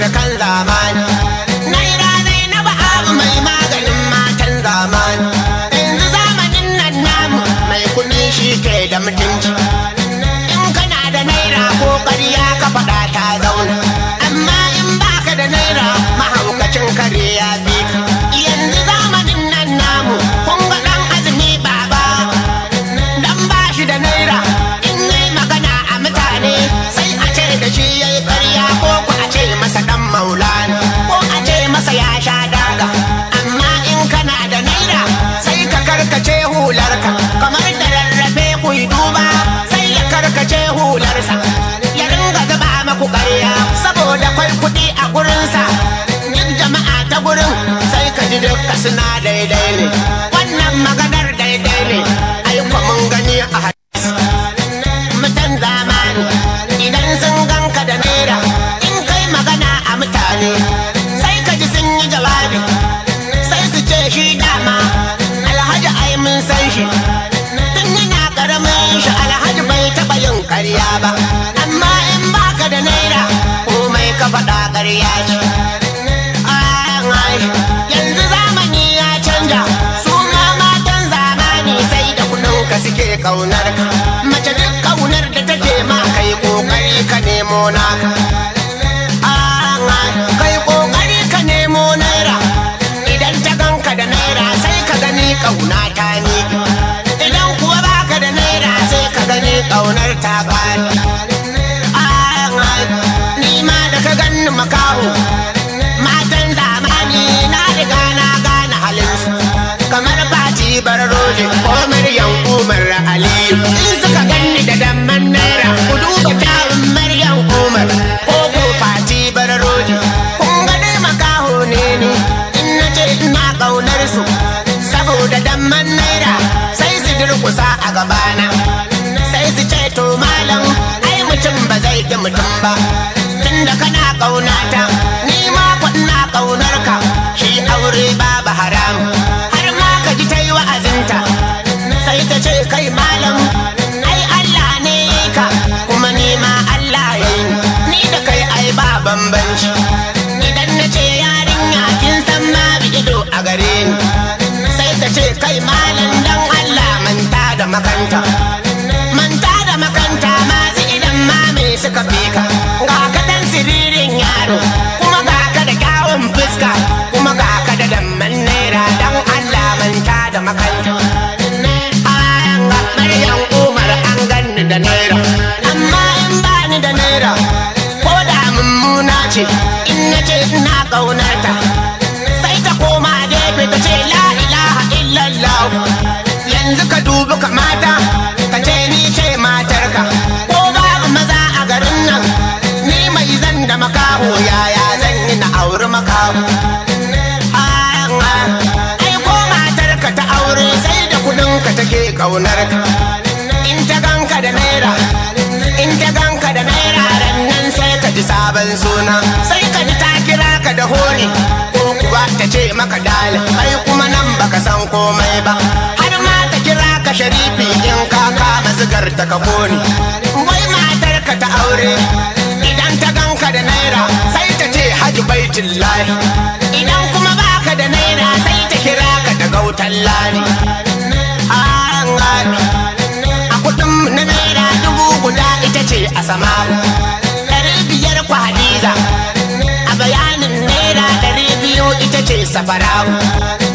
da kan zamani a mutan zamani idan sun ganka da naira in kai magana a mutane sai ka ji sun yi jawabi sai su ce shi dama alhaji ai mun san shi tun yana karamin shi alhaji bai taɓa yin karya ba amma in baka da naira komai ka faɗa karya ce kaunar mace duk kaunar da take ma kai kokari ka nemo na kai kokari ka nemo naira idan ta ganka da naira sai ka gani kauna ta ni idan kuwa baka da naira sai ka gani kaunar ta bani ni ma da ka ganni makaho ni sai ta ce kai malam dan Allah manta da makanta manta da makanta masu idan ma me suka fi ƙaunar in ta ganka da naira in ta ganka da naira nan sai ka ji sabon suna sai ka ji ta kira ka da honi ko kuwa ta ce maka dali ai kuma nan baka san komai ba har ma ta kira ka sharifi in ka kama zigar ta ka koni wai matar ka ta aure idan ta ganka da naira sai ta ce haji baitin idan kuma baka da naira sai ta kira ka da gautan lani a ɗari biyar hadiza a bayanin naira ɗari biyu ita ce safarau